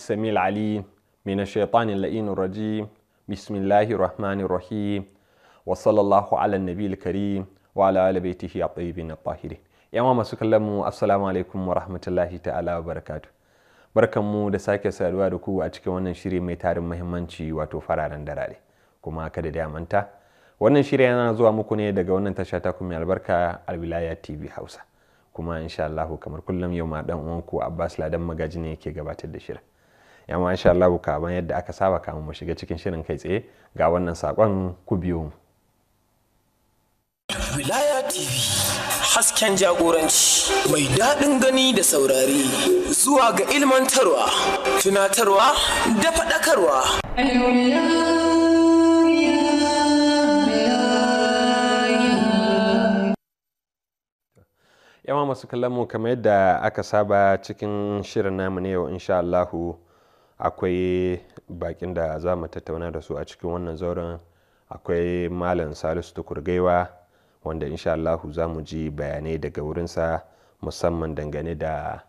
السميع العليم من الشيطان اللئيم الرجيم بسم الله الرحمن الرحيم وصلى الله على النبي الكريم وعلى آل بيته الطيبين الطاهرين يا ماما mu, السلام عليكم ورحمة الله تعالى وبركاته barkanmu da sake saduwa da ku a cikin wannan shiri mai tarin muhimmanci wato fararen darare kuma kada da manta wannan shiri yana zuwa muku ne daga wannan tasha ta kuma albarka alwilaya tv hausa kuma insha Allah kamar kullum yau ma dan uwanku Abbas Ladan Magaji ne yake gabatar da shirin yamma insha Allah kaban yadda aka saba kamun mu shiga cikin shirin kai tsaye ga wannan sakon ku biyo mu Wilaya TV hasken jagoranci mai daɗin gani da saurari zuwa ga ilmantarwa tunatarwa da faɗakarwa. yawa masu kallon mu kamar yadda aka saba cikin shirin namu ne yau insha Allahu akwai baƙin da za mu tattauna da su a cikin wannan zauren akwai malam salisu tukurgaiwa wanda insha Allah za mu ji bayanai daga wurinsa musamman dangane da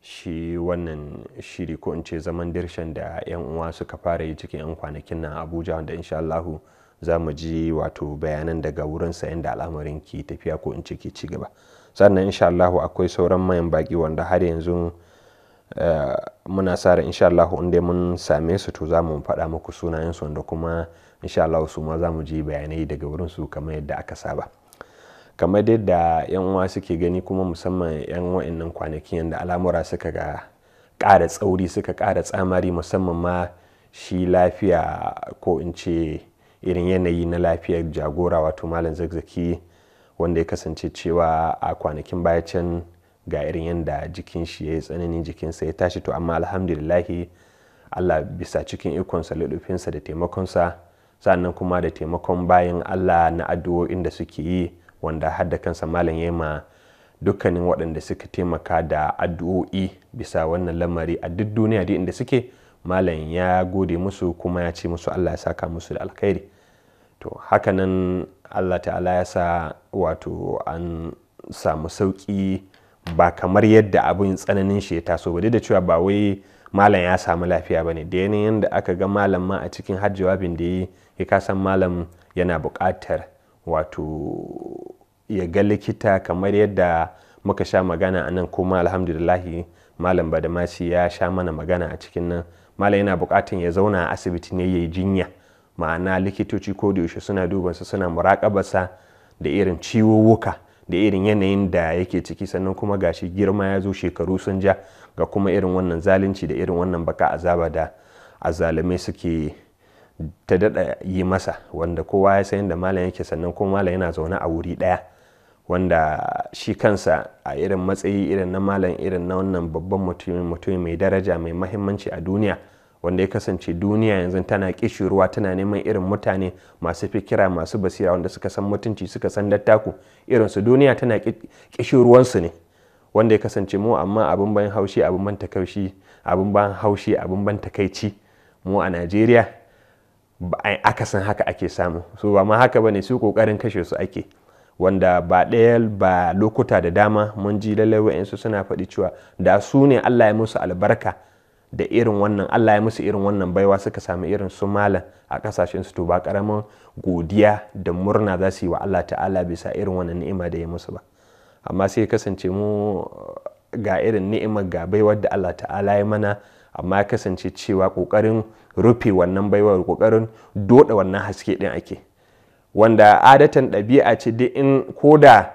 shi wannan shiri ko in ce zaman dirshan da 'yan uwa suka fara yi cikin 'yan kwanakin nan abuja wanda insha Allah za mu ji wato bayanan daga wurinsa yadda al'amarin ke tafiya ko in ce ke ci gaba sannan insha Allah akwai sauran mayan baki wanda har yanzu Eh, muna sa ran insha Allah inda mun same su to za mu faɗa muku sunayen su wanda kuma insha Allah su ma za mu ji bayanai daga wurin su kamar yadda aka saba kamar yadda yan uwa suke gani kuma musamman yan wa'annan kwanakin yadda al'amura suka ga ƙara tsauri suka ƙara tsamari musamman ma shi lafiya ko in ce irin yanayi na lafiyar jagora wato malam zakzaki wanda ya kasance cewa a kwanakin baya can ga irin yadda jikin shi ya yi tsananin jikinsa ya tashi to amma alhamdulillahi allah bisa cikin ikonsa ladufinsa, da taimakonsa sannan kuma da taimakon bayan allah na addu'o'in da suke yi wanda har da kansa malam ya ma dukkanin waɗanda suka taimaka da addu'o'i bisa wannan lamari a duk duniya da inda suke malam ya gode musu kuma ya ce musu allah ya saka musu da alkhairi to hakanan allah ta'ala ya sa wato an samu sauƙi ba kamar yadda abin tsananin shi ya taso ba da cewa ba wai malam ya samu lafiya ba ne da yanayin da aka ga malam ma a cikin har jawabin da ya yi san malam yana buƙatar wato ya ga likita kamar yadda muka sha magana a nan kuma alhamdulillahi malam ba da badamasi ya sha mana magana a cikin nan malam yana buƙatar ya zauna a asibiti ne ya yi jinya ma'ana likitoci ko da yaushe suna dubansa suna muraƙabarsa da irin ciwuwuka da irin yanayin da yake ciki sannan kuma ga shi girma ya zo shekaru sun ja ga kuma irin wannan zalunci da irin wannan baka azaba da azalume suke ta dada yi masa wanda kowa ya san yadda malam yake sannan kuma malam yana zaune a wuri daya wanda shi kansa a irin matsayi irin na malam irin na wannan babban mutum mai daraja mai mahimmanci a duniya wanda ya kasance duniya yanzu tana kishirwa tana neman irin mutane masu fikira masu basira wanda suka san mutunci suka san dattaku su duniya tana su ne wanda ya kasance mu amma abin ban haushi abin ban takaushi abin ban haushi abin ban takaici mu a najeriya aka san haka ake samu so ba ma haka bane su kokarin kashe su ake wanda ba ɗaya ba lokuta da dama mun ji lallai su suna faɗi cewa da su ne allah ya musu albarka da irin wannan Allah ya musu irin wannan baiwa suka sami irin su malam a kasashen su to ba karamin godiya da murna za su yi wa Allah ta'ala bisa irin wannan ni'ima da ya musu ba amma sai kasance mu eh, ga irin ni'imar ga baiwar da Allah ta'ala ya mana amma ya kasance cewa kokarin rufe wannan baiwar kokarin doda wannan haske din ake wanda adatan ɗabi'a ce da eh, in koda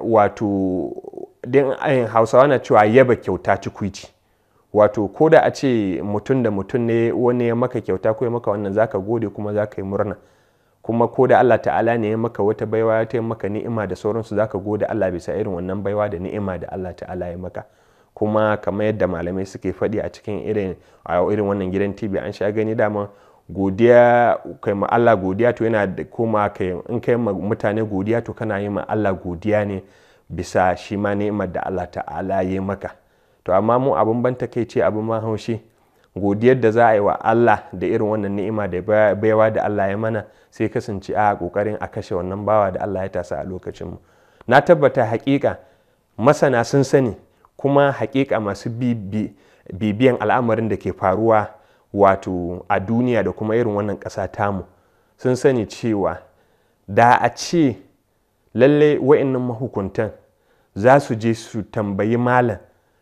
wato din hausawa na cewa yaba kyauta ci wato ko da a ce mutum da mutum ne wani ya maka kyauta ko ya maka wannan zaka gode kuma zaka yi murna kuma ko da Allah ta'ala ne ya maka wata baiwa ya ta maka ni'ima da sauransu zaka gode Allah bisa irin wannan baiwa da ni'ima da Allah ta'ala ya maka kuma kamar yadda malamai suke faɗi a cikin irin a irin wannan gidan TV an sha gani dama godiya kai ma Allah godiya to yana da koma kai in kai ma mutane godiya to kana yi ma Allah godiya ne bisa shi ma ni'imar da Allah ta'ala ya maka to amma mu abin ban takeice abin ma haushi godiyar da za a yi wa Allah da irin wannan ni'ima da baiwa da Allah ya mana sai kasance a kokarin a kashe wannan bawa da Allah ya tasa a lokacin mu na tabbata hakika masana sun sani kuma hakika masu bibiyan al'amarin da ke faruwa wato a duniya da kuma irin wannan ƙasa tamu sun sani cewa da a ce lallai wa'annan mahukuntan za su je su tambayi malam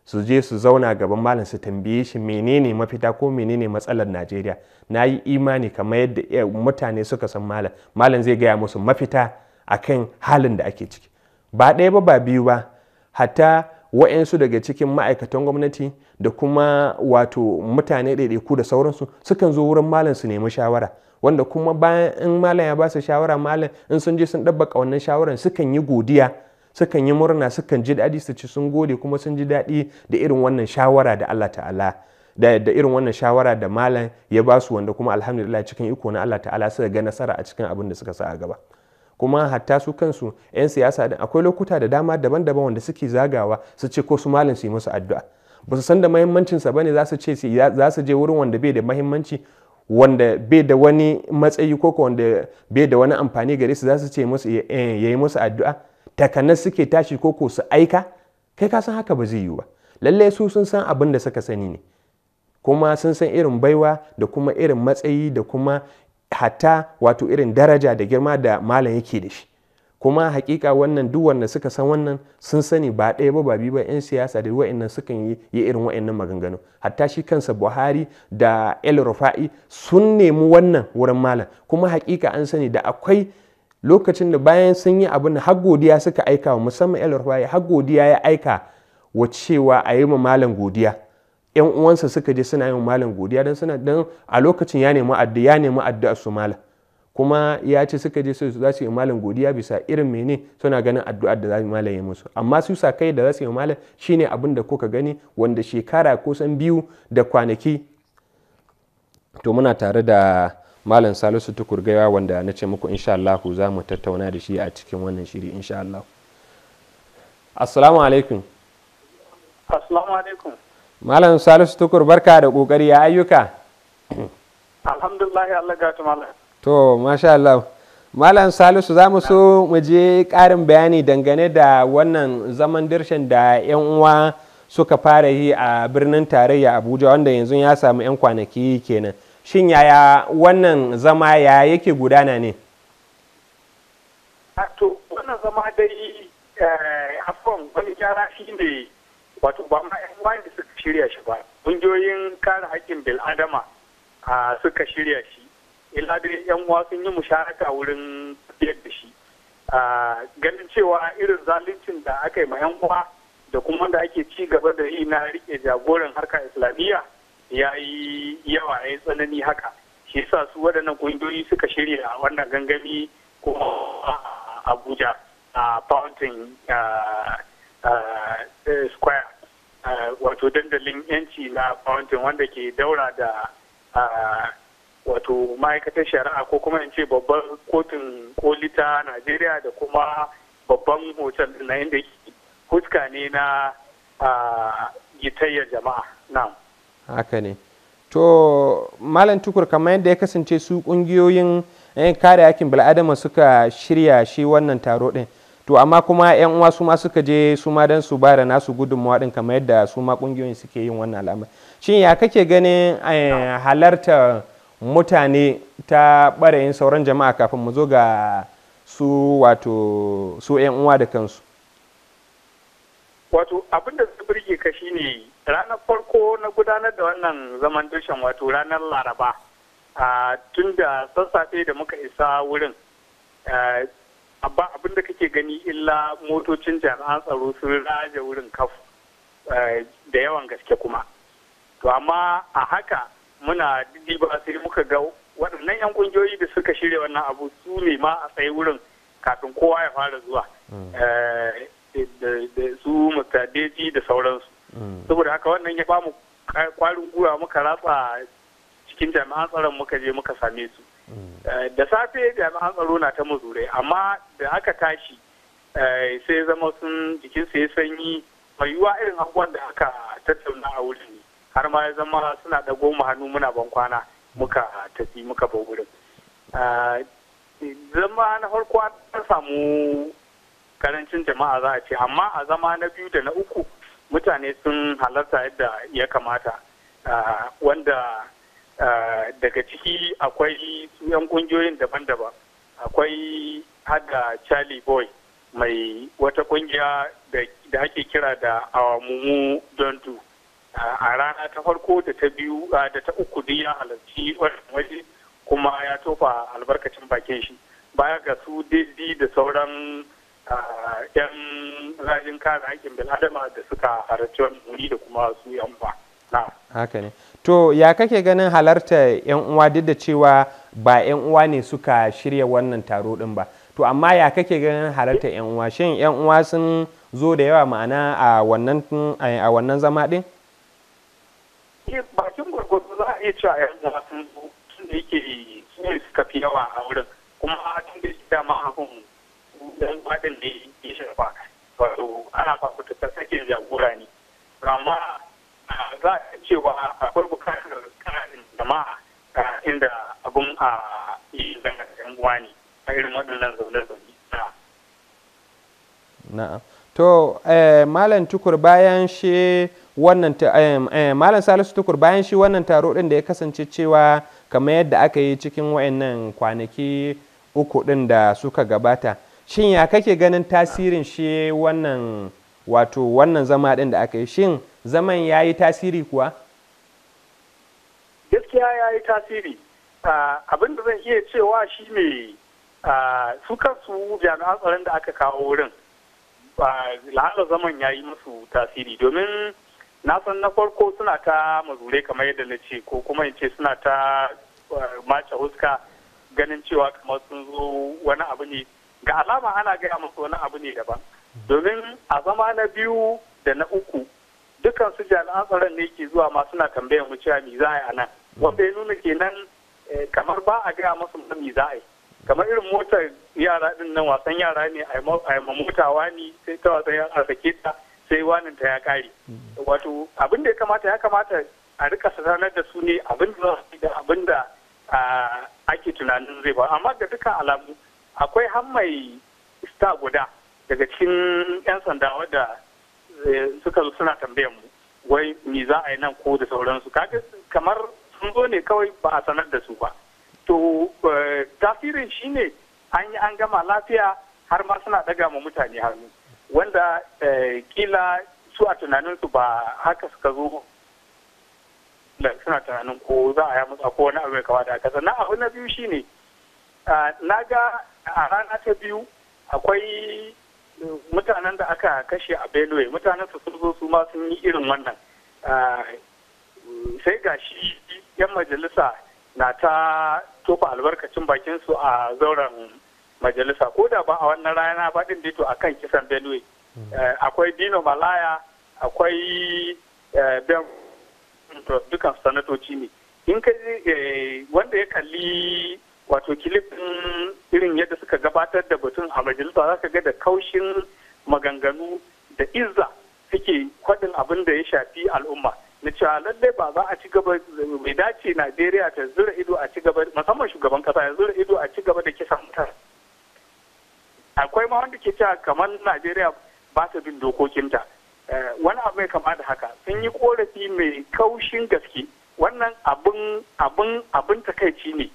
su je su zauna gaban malam su tambaye shi menene mafita ko menene matsalar najeriya na yi imani kamar yadda mutane suka san malam malam zai gaya musu mafita akan halin da ake ciki ba ɗaya ba ba biyu ba hatta wa'yansu daga cikin ma'aikatan gwamnati da kuma wato mutane ɗaiɗaiku da sauransu sukan zo wurin malam su nemi shawara wanda kuma bayan in malam ya ba su shawara malam in sun je sun ɗabbaka wannan shawaran sukan yi godiya sukan yi murna sukan ji daɗi su ci sun gode kuma sun ji daɗi da irin wannan shawara da Allah ta'ala da, da irin wannan shawara da malam ya ba su wanda kuma alhamdulillah cikin iko na Allah ta'ala suka ga nasara a cikin abin da suka sa a gaba kuma hatta su kansu 'yan siyasa din akwai lokuta da dama daban-daban wanda suke zagawa su ce ko su malam su yi musu addu'a ba su san da mahimmancinsa ba ne za su ce za su je wurin wanda bai da mahimmanci wanda bai da wani matsayi ko wanda bai da wani amfani gare su za su ce musu ya eh, yi musu addu'a Takana suke tashi ko ko su aika kai ka san haka ba zai yi ba lallai su sun san abin da suka sani ne kuma sun san irin baiwa da kuma irin matsayi da kuma hatta wato irin daraja da girma da malam yake da shi kuma hakika wannan duk wanda suka san wannan sun sani ba ɗaya ba ba biyu ba 'yan siyasa da wa'annan sukan yi irin wa'annan maganganu hatta shi kansa buhari da el rufa'i sun nemi wannan wurin malam kuma hakika an sani da akwai lokacin da bayan sun yi abin har godiya suka aika wa musamman el rufai har godiya ya aika wa cewa a yi ma malam godiya yan uwansa suka je suna yi malam godiya don suna don a lokacin ya nemi adda ya nemi addu'a su malam kuma ya ce suka je su za su yi malam godiya bisa irin mene suna ganin addu'a da za su malam ya musu amma su sa kai da za su yi malam shine abin da kuka gani wanda shekara kusan biyu da kwanaki to muna tare da malam salisu tukur gaya wanda na ce muku insha allahu za mu tattauna da shi a cikin wannan shiri insha allahu assalamu alaikum assalamu alaikum malam salisu tukur barka da kokari ya ayyuka alhamdulillah allah ga malam to masha allah malam salisu za mu so mu je ƙarin bayani dangane da wannan zaman dirshin da 'yan uwa suka fara yi a birnin tarayya abuja wanda yanzu ya samu 'yan kwanaki kenan shin yaya wannan zama ya yake gudana ne ah, to wannan zama dai eh, afon wani gyara shi ne wato ba ma yan wani suka shirya shi ba ƙungiyoyin kare haƙƙin bil'adama ah, suka shirya shi ila dai yan uwa sun yi musharaka wurin tafiyar da shi ah, ganin cewa irin zaluncin da aka yi ma yan uwa da kuma da ake ci gaba da yi na rike jagoran harkar islamiyya ya yi yawa ya yi tsanani haka shi yasa su waɗannan ƙungiyoyi suka shirya a wannan gangami ko abuja a fountain square wato dandalin yanci na fountain wanda ke daura da wato ma'aikatar shari'a ko kuma in ce babban kotun koli ta najeriya da kuma babban hotel na inda fuska ne na gitayyar jama'a na haka ne to malam tukur kamar yadda ya kasance su kungiyoyin eh, kare yakin bil'adama suka shirya shi wannan taro din to amma kuma yan uwa su ma suka je su ma dan su bada nasu gudunmawa din kamar yadda su ma kungiyoyin suke yin wannan al'amari shin ya kake ganin eh, halarta mutane ta barayin sauran jama'a kafin mu zo ga su wato su yan uwa da kansu wato abin da zai burge ka shine ranar farko na gudanar da wannan zaman tushen wato ranar laraba tun da sassafe da muka isa wurin abinda kake gani illa motocin jami'an tsaro sun raje wurin kaf da yawan gaske kuma to amma a haka muna ba sai muka ga waɗannan 'yan ƙungiyoyi da suka shirya wannan abu su ne ma a tsaye wurin kafin kowa ya fara zuwa hmm. eh, su mutadeji da sauransu saboda haka wannan ya bamu kwarin gwiwa muka ratsa cikin jami'an tsaron muka je muka same su eh, da safe jami'an tsaro na ta mazurai amma da aka tashi eh, sai zama sun jikin ya sanyi mai yiwuwa irin abubuwan da aka tattauna a wurin har ma ya zama suna ɗago mu hannu muna ban kwana muka tafi muka bau wurin eh, zama na farko an samu karancin jama'a za a ce amma a zama na biyu da na uku mutane sun halarta yadda ya kamata ah, wanda ah, daga ciki akwai yan kungiyoyin daban-daban akwai haga charlie boy mai wata kungiya da ake kira da awamumu don du ah, a rana ta farko da ta biyu da ta uku duk ya halarci waje kuma ya tofa albarkacin bakin shi baya ga su didi da sauran yan rajin kare haƙƙin bil'adama da suka halarci wani wuri da kuma su yan haka ne to ya kake ganin halarta yan uwa duk da cewa ba yan uwa ne suka shirya wannan taro din ba to amma ya kake ganin halarta yan uwa shin yan uwa sun zo da yawa ma'ana a wannan zama din eh, bakin gwargwado za a iya cewa yan uwa sun zo tun da yake su ne suka fi yawa a wurin kuma tun da dama abin dan faɗin da ya shafa wato ana fafutukar sake jagora ne amma za a cewa akwai bukatar karin jama'a inda abun a yi dangantan uwa ne a irin waɗannan zaune-zaune na'am to eh, malam tukur bayan shi wannan eh, eh, malam salisu tukur bayan shi wannan taro din da ya kasance cewa kamar yadda aka yi cikin wayannan kwanaki uku din da suka gabata shin ya kake ganin tasirin shi wannan wato wannan zama ɗin da aka yi shin zaman ya yi tasiri kuwa gaskiya ya yi tasiri abin da zan iya cewa shi ne su kansu jami'an tsaron da aka kawo wurin la'ala zaman ya yi musu tasiri domin na san na farko suna ta mazure kamar yadda na ce ko kuma in ce suna ta mace huska ganin cewa kamar sun zo wani abu ne ga alama ana gaya musu wani abu ne daban domin a zama na biyu da na uku dukkan su jami'an tsaron ne ke zuwa ma suna tambayar mu cewa mi za a yi a nan wanda ya nuna kenan eh, kamar ba a gaya musu mi za a yi kamar irin motar yara din nan wasan yara ne a yi mamutawa ne sai ta wasan yara sake ta sai wanin ta ya kare wato abin da ya kamata ya kamata a rika sanar da su ne abin da za su da abin da ah, ake tunanin zai ba amma ga dukkan alamu akwai hammai sta guda daga cikin 'yan sanda wadda eh, suka zo suna tambayar mu wai me za a yi nan ko da sauransu kamar sun zo ne kawai ba a sanar da su ba to eh, tasirin shine an yi an gama lafiya har ma suna daga ma mutane hannu wanda eh, kila su a tunaninsu ba haka suka zo suna tunanin ko za a yi musu ko wani abu mai kawada da haka sannan abu na biyu shine ah, na ga a rana ta biyu akwai uh, mutanen da aka kashe a benue mutanen su sun zo su ma sun yi irin wannan ah, sai ga shi yan majalisa na ta tofa albarkacin bakin su a zauren majalisa ko da ba a wannan rana ba din dito a kan kisan benue hmm. eh, akwai dino malaya akwai ben eh, dukan sanatoci ne in ka eh, wanda ya kalli wato kilif irin yadda suka gabatar da batun a majalisa za ka ga da kaushin maganganu da izza suke kwaɗin abin da ya shafi al'umma na cewa ah, lallai ba za a ci gaba mai dace najeriya ta zura ido a ci gaba musamman shugaban kasa ya zura ido a ci gaba da kisan mutar akwai ma wanda ke cewa kamar najeriya ba ta bin dokokinta eh, wani abu mai kama da haka sun yi korafi mai kaushin gaske wannan abin abin takaici ne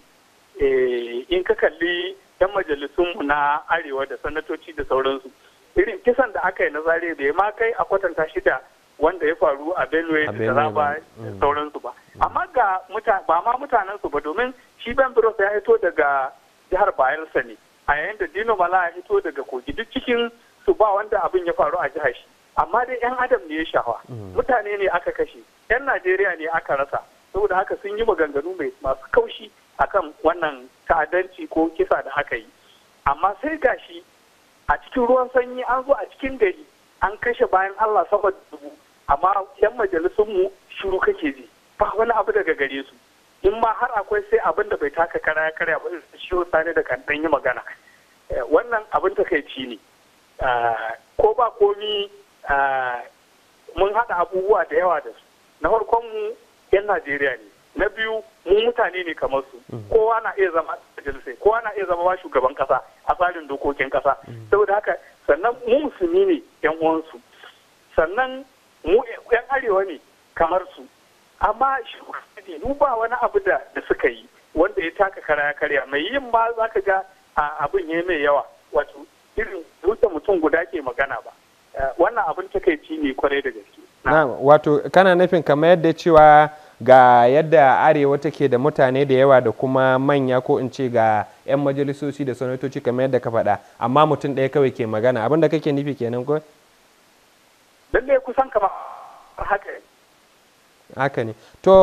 Eh, in ka kalli yan mu na arewa da sanatoci da sauransu irin kisan da aka yi na zare ya ma kai a kwatanta shida wanda ya faru a benue da taraba da mm. sauransu ba mm. amma ga ba ma mutanensu ba domin shi ben bros ya hito daga jihar bayelsa ne a yayin da dino mala ya hito daga kogi duk cikin su ba wanda abin ya faru a jihar shi amma dai yan adam ne ya shawa mm. mutane ne aka kashe yan najeriya ne aka rasa saboda haka sun yi maganganu mai masu kaushi akan wannan ta'addanci ko kisa da aka yi amma sai gashi a cikin ruwan sanyi an zo a cikin gari an kashe bayan Allah saboda dubu amma yan mu shiru kake ji ba wani abu daga gare su in ma har akwai sai abin da bai taka kara ya karya ba shiru sani da kan yi magana eh, wannan abin takaici ne ah, ko ba komi ah, mun haɗa abubuwa da yawa da su na farkon mu yan najeriya ne na biyu mu mutane ne kamar su mhm. kowa na iya zama majalisai kowa na iya zama shugaban kasa a tsarin dokokin kasa mhm. saboda haka sannan mu musulmi ne yan uwansu sannan mu yan arewa ne kamar su amma shugabanni mu ba wani abu da da suka yi wanda ya taka kara ya karya mai yin ba za ka ga abin ya mai yawa wato irin wuce mutum guda ke magana ba eh, wannan abin takaici ne kwarai da gaske wato kana nufin kamar yadda cewa ga yadda arewa take da mutane da yawa da kuma manya ko in ce ga 'yan majalisoci da sanatoci kamar yadda ka faɗa amma mutum ɗaya kawai ke magana abin da kake nufi kenan ko lallai kusan kama haka haka ne to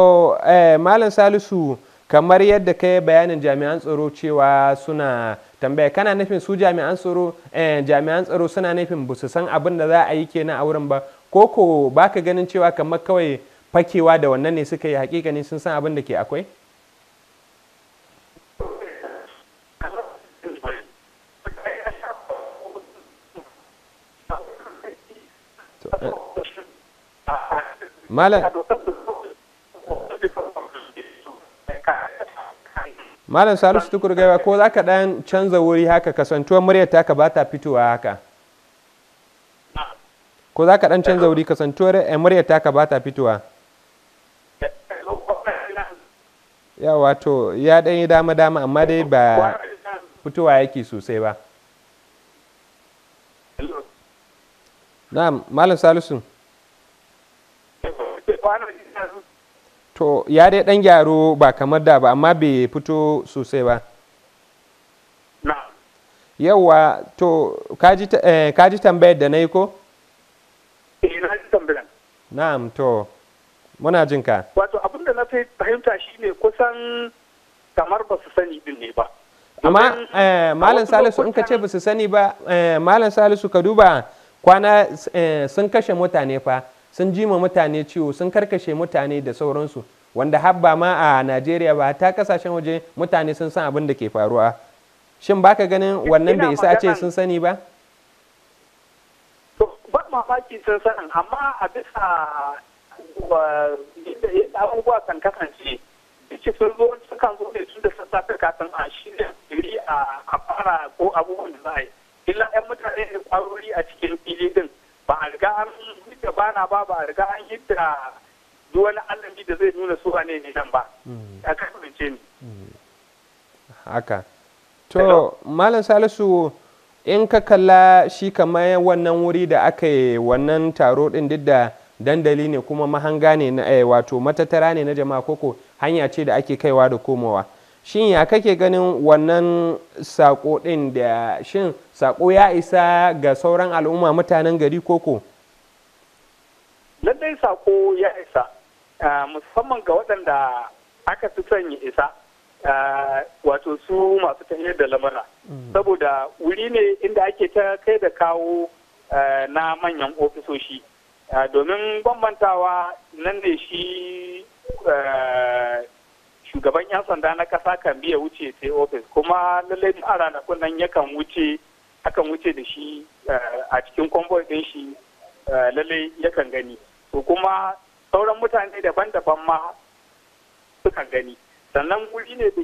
eh, malam salisu kamar yadda ka yi bayanin jami'an tsaro cewa suna tambaya kana nufin su jami'an tsaro eh, jami'an tsaro suna nufin ba su san abin da za a yi kenan a wurin ba koko baka ganin cewa kamar kawai fakewa da wannan ne suka yi ne sun san abin da ke akwai eh, malam salisu tukur gaiwa ko za ka ɗan canza wuri haka kasantuwar muryar taka ba ta fitowa haka ko za ka ɗan canza wuri kasantuwar eh, muryar taka ba ta fitowa yawa to ya dan yi dama dama amma dai ba fitowa yake sosai ba na'am malam salisu to ya dai dan gyaro ba kamar da ba amma bai fito sosai ba yawa to kaji eh, tambayar da na yi ko? Eh, na'am to muna jinka wato na fahimta shi ne kusan kamar ba su sani din ne ba amma eh, malam salisu in ka ce ba su sani ba eh, malam salisu ka duba kwana eh, sun kashe mutane fa sun jima mutane ciwo sun karkashe mutane da sauransu wanda habba ma a najeriya ba ta kasashen waje mutane sun san abin da ke faruwa shin baka ganin wannan bai isa ce sun sani ba ba mamaki sun sanin amma a bisa inda abubuwa kan kasance ce sun zo sukan zo ne tun da sassafe kafin a shirya fili a fara ko abubuwan da za a yi illa yan mutane ne kwarori a cikin fili din ba a riga an hidda bana ba ba a riga an hidda duk wani allabi da zai nuna su ne ne nan ba hmm. a kasance ni. Hmm. haka to malam salisu in ka kalla shi kamar wannan wuri da aka yi wannan taro din duk da dandali ne kuma mahanga ne na eh, wato matattara ne na jama'a koko hanya ce da ake kaiwa da komowa shin ya kake ganin wannan sako din da shin sako ya isa ga sauran al'umma mutanen gari koko lallai sako ya isa musamman ga waɗanda aka fi son ya isa wato su masu tafiyar da lamura mm. saboda wuri ne inda ake ta kai da kawo na manyan ofisoshi Ah, domin bambantawa nan ne shi eh, shugaban 'yan sanda na kasa kan biya wuce sai ofis kuma lallai a ranakun nan yakan wuce akan wuce da shi eh, a cikin convoy din shi eh, lallai yakan gani to kuma sauran mutane daban-daban ma sukan gani sannan guri ne da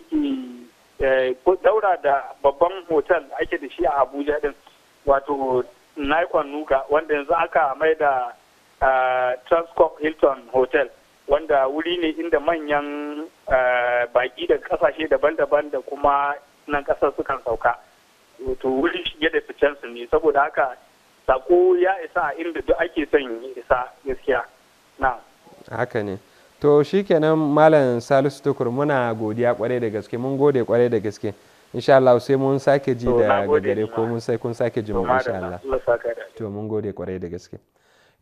ke daura da babban hotel ake da shi a abuja din wato nikon nuka wanda yanzu aka mai da a transcorp hilton hotel wanda wuri ne inda manyan baki daga kasashe daban-daban da kuma nan kasar sukan sauka to wuri shige da su ne saboda haka sako ya isa a inda duk ake son isa gaskiya na haka ne to shikenan malam salisu tukur muna godiya kwarai da gaske mun gode kwarai da gaske insha Allah sai mun sake ji da gare ko mun sai kun sake ji mu insha Allah to mun gode kwarai da gaske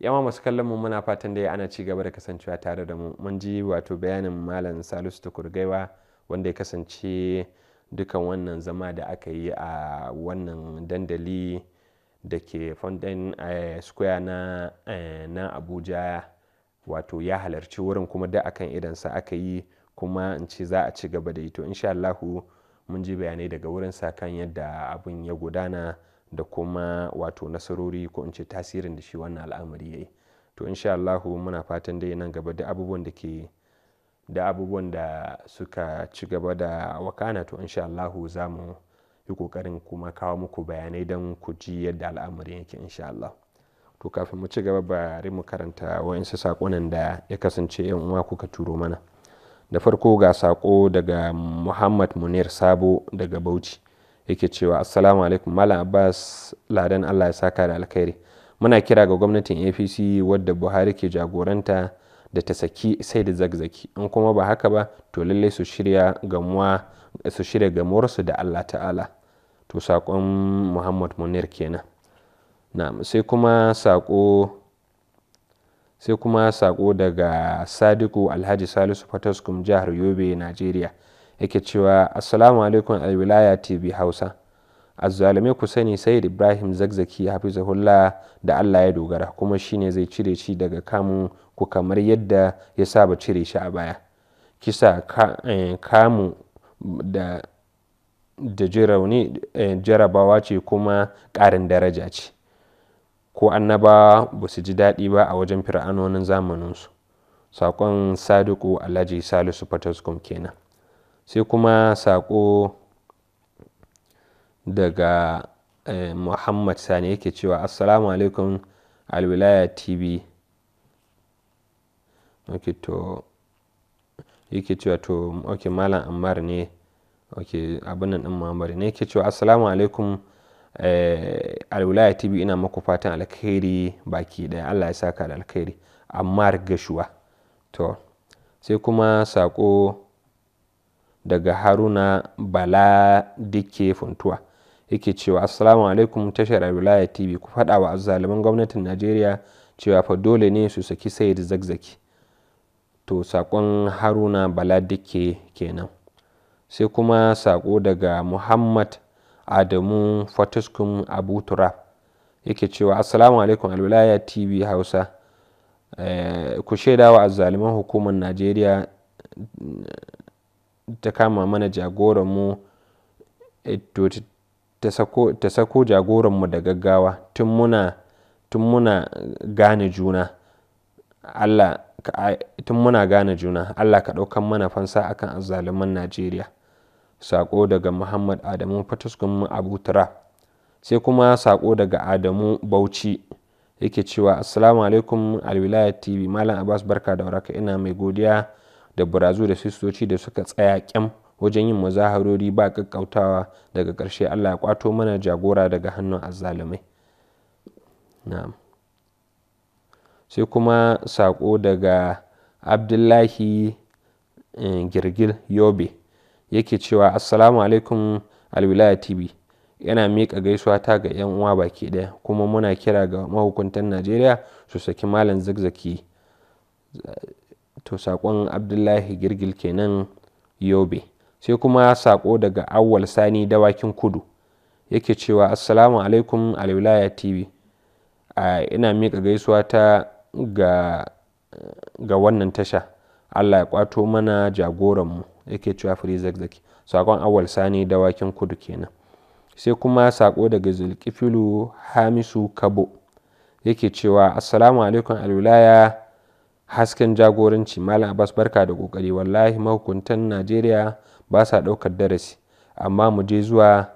yawa masu kallon mu muna fatan da ana ci gaba da kasancewa tare da mu mun ji wato bayanin malam salisu tukurgaiwa wanda ya kasance dukan wannan zama da aka yi a wannan dandali da ke fondain eh, square na, eh, na abuja wato ya halarci wurin kuma da akan idansa aka yi kuma in ce za a ci gaba da yi insha Allahu mun ji bayanai daga wurin sa kan yadda abin ya gudana da kuma wato nasarori ko in ce tasirin da shi wannan al'amari ya yi to insha muna fatan dai nan gaba da abubuwan da ke da abubuwan da suka ci gaba da wakana to insha Allah za mu yi kokarin kuma kawo muku bayanai don ku ji yadda al'amari yake insha Allah to kafin mu ci gaba bari mu karanta wayansu sakonan da ya kasance yan uwa kuka turo mana da farko ga saƙo daga Muhammad Munir Sabo daga Bauchi yake cewa assalamu alaikum malam abbas ladan allah ya saka da alkhairi muna kira ga gwamnatin apc wadda buhari ke jagoranta da ta saki sai da zagzaki in kuma ba haka ba to lallai su shirya gamuwa su shirya gamuwarsu da allah ta'ala to saƙon muhammad munir kenan na sai kuma saƙo sai kuma sako daga sadiku alhaji salisu fatoskum jihar yobe najeriya yake cewa assalamu alaikum alwilaya tv hausa zalume ku sani sayyid ibrahim zagzaki hafizahullah da allah ya dogara kuma shine zai cire shi daga kamu ku kamar yadda ya saba cire shi a baya kisa eh, kamu da da eh, ce kuma ƙarin daraja ce ko annaba ba su ji daɗi ba a wajen fir'anonin zamaninsu saƙon sadiku alhaji salisu fataskum kenan sai kuma saƙo daga eh, muhammad sani yake cewa assalamu alaikum alwilaya tv okay, to yake cewa to ok malam ammar ne ok abinan din mamari ne yake cewa assalamu alaikum eh, alwilaya tv ina maku fatan alkhairi baki daya allah ya saka da alkhairi ammar gashuwa to sai kuma saƙo daga Haruna bala dike Funtuwa yake cewa Assalamu alaikum tashar Alwilaya TV ku faɗa wa gwamnatin Najeriya cewa fa dole ne su saki Said zagzaki To saƙon Haruna bala dike kenan. Sai kuma sako daga Muhammad Adamu Fatuskum Abu Turab yake cewa Assalamu alaikum Alwilaya TV Hausa. Eh, ku shaida wa hukumar Najeriya ta kama mana jagoranmu eh, to ta sako jagoranmu da gaggawa tun muna tun muna gane juna Allah tun muna gane juna Allah ka ɗaukan mana fansa akan azzaluman Najeriya sako daga Muhammad Adamu Fataskun Abu Tura sai kuma sako daga Adamu Bauchi yake cewa assalamu alaikum alwilaya tv malam abbas barka da waraka ina mai godiya da burazu da sistoci da suka tsaya kyam wajen yin mazaharori ba kakkautawa daga ƙarshe allah ya kwato mana jagora daga hannun azzalumai sai kuma sako daga abdullahi eh, girgir yobe yake cewa assalamu alaikum alwilaya tv yana miƙa gaisuwa ta ga 'yan uwa baki ɗaya kuma muna kira ga mahukuntan najeriya su saki malam zigzaki to saƙon abdullahi girgil kenan yobe sai kuma saƙo daga awal sani dawakin kudu yake cewa assalamu alaikum alwilaya tv a ina miƙa gaisuwa ta ga, wannan tasha allah ya kwato mana jagoranmu yake cewa firizak zakzaki saƙon awwal sani dawakin kudu kenan sai kuma saƙo daga zulkifilu hamisu kabo yake cewa assalamu alaikum alwilaya hasken jagoranci Malam Abbas barka da kokari wallahi mahukuntan Najeriya ba sa daukar darasi amma mu je zuwa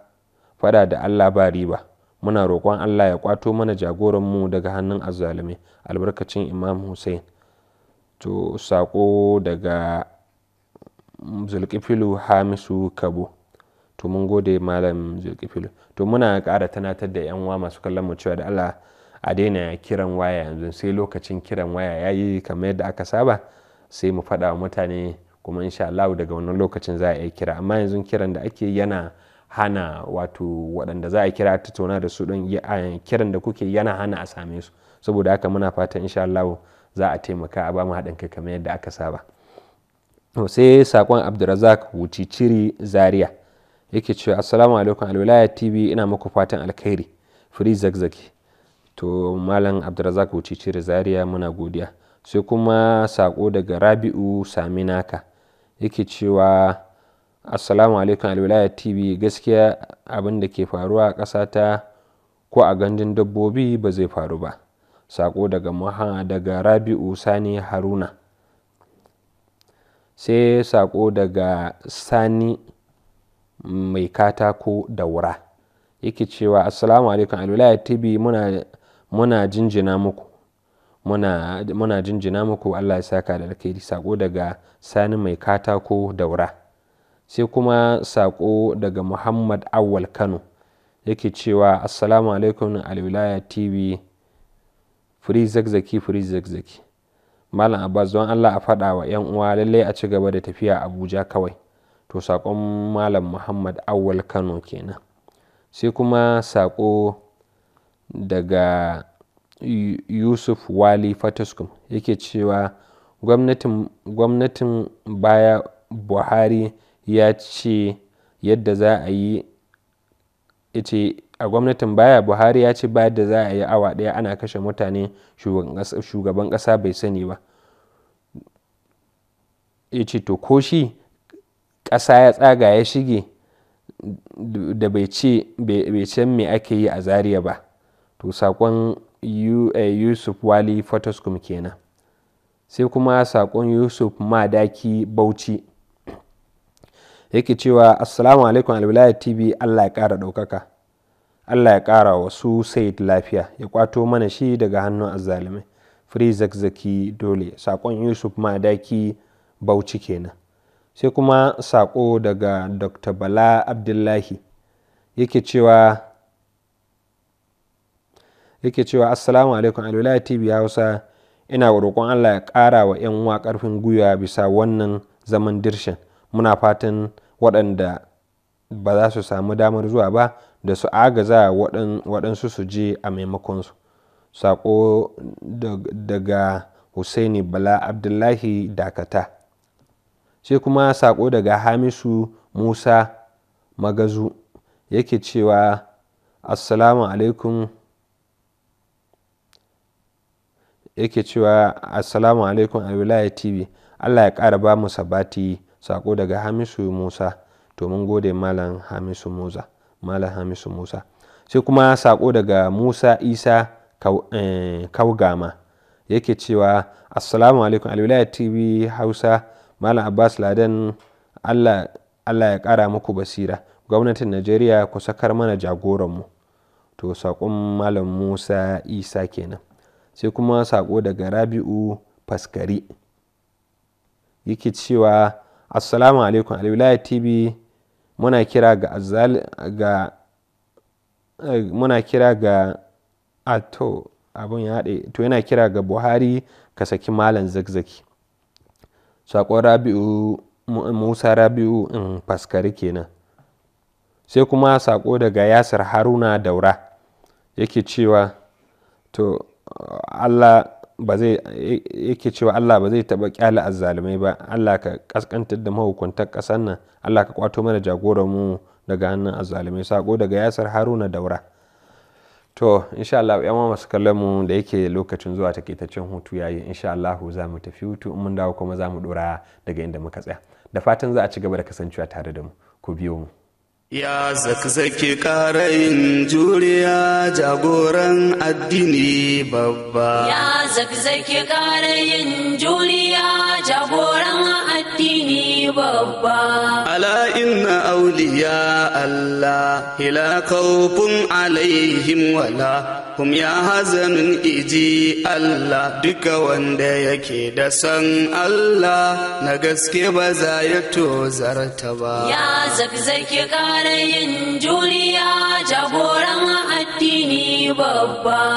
faɗa da Allah ba riba muna roƙon Allah ya kwato mana jagoranmu daga hannun azzalumai albarkacin Imam Hussein to sako daga zulkifilu hamisu kabo to mun gode malam zulkifilu to muna ƙara tunatar da 'yan uwa masu kallon mu cewa da Allah a daina kiran waya yanzu sai lokacin kiran waya ya yi kamar yadda aka saba sai mu faɗa wa mutane kuma insha Allah daga wannan lokacin za a yi kira amma yanzu kiran da ake yana hana wato waɗanda za a kira tattauna da su don kiran da kuke yana hana a same su saboda haka muna fatan insha Allah za a taimaka a ba mu haɗin kai kamar yadda aka saba sai sakon abdurazak wuciciri zaria yake cewa assalamu alaikum alwilaya tv ina muku fatan alkhairi free zakzaki to malam abdulrazak wucicire zaria muna godiya sai kuma sako daga rabi'u saminaka yake cewa assalamu alaikum alwilaya tv gaskiya abin da ke faruwa a ko a gandun dabbobi ba zai faru ba sako daga maha daga rabi'u sani haruna sai sako daga sani mai katako da daura yake cewa assalamu alaikum alwilaya tv muna muna jinjina muku muna, jinjina muku Allah ya saka da alkhairi sako daga sani mai katako daura sai kuma sako daga muhammad awal kano yake cewa assalamu alaikum alwilaya tv free zakzaki free zakzaki malam abbas don allah a faɗa wa 'yan uwa lallai a ci gaba da tafiya abuja kawai to sakon malam muhammad awwal kano kenan sai kuma sako daga Yusuf Wali Fataskum yake cewa gwamnatin, baya Buhari ya ce yadda za a yi a gwamnatin baya Buhari ya ce ba da za a yi awa daya ana kashe mutane shugaban kasa bai sani ba. Ya ce to ko shi kasa ya tsaga ya shige da bai ce mai me ake yi a Zariya ba. to saƙon eh, yusuf wali fotoskum kenan sai kuma sakon yusuf madaki bauchi yake cewa assalamu alaikum albilaya tv allah ya kara ɗaukaka allah ya ƙara wasu said lafiya ya kwato mana shi daga hannun azzalumai free zakzaki dole sakon yusuf madaki bauchi kenan sai kuma saƙo daga dr bala abdullahi yake cewa yake cewa assalamu alaikum alwilaya tv hausa ina roƙon allah ya ƙara wa 'yan uwa ƙarfin gwiwa bisa wannan zaman dirshin muna fatan waɗanda ba za su samu damar zuwa ba da su agaza waɗansu su je a maimakon su saƙo daga husaini Bala Abdullahi Dakata sai kuma sako daga Hamisu Musa Magazu yake cewa Assalamu alaikum yake cewa assalamu alaikum alwilaya tv allah ya kara ba mu sabati sako daga hamisu musa to mun gode malam hamisu musa malam hamisu musa sai kuma sako daga musa isa kawgama eh, yake cewa assalamu alaikum alwilaya tv hausa malam abbas ladan allah ya kara muku basira gwamnatin najeriya ku sakar mana jagoranmu to sakon malam musa isa kenan sai kuma sako daga rabi'u faskari yake cewa assalamu alaikum alwilayat tv muna kira ga ga muna kira ga ato abin ya haɗe to yana kira ga buhari ka saki malam zakzaki sako rabi'u musa rabi'u in mm, faskari kenan sai kuma sako daga yasir haruna daura yake cewa to Allah ba zai yake cewa Allah ba zai taɓa kyale azzalumai ba Allah ka kaskantar da mahukuntar ƙasar nan Allah ka kwato mana jagoran mu daga hannun azzalumai sako daga yasar haruna daura to insha Allah yan masu kallon mu da yake lokacin zuwa takaitaccen hutu yayi insha Allah za mu tafi hutu in mun dawo kuma za mu dora daga inda muka tsaya da fatan za a ci gaba da kasancewa tare da mu ku biyo mu Ya zaki-zaki ƙarayin juriya jagoran addini babba. Ya zaki ƙarayin juriya babba ala inna awliya allah ila khawfun alaihim wala hum ya hazanin iji allah duka wanda yake da san allah na gaske ba za ya tozarta ba ya zakzaki kara yin juriya jagoran addini babba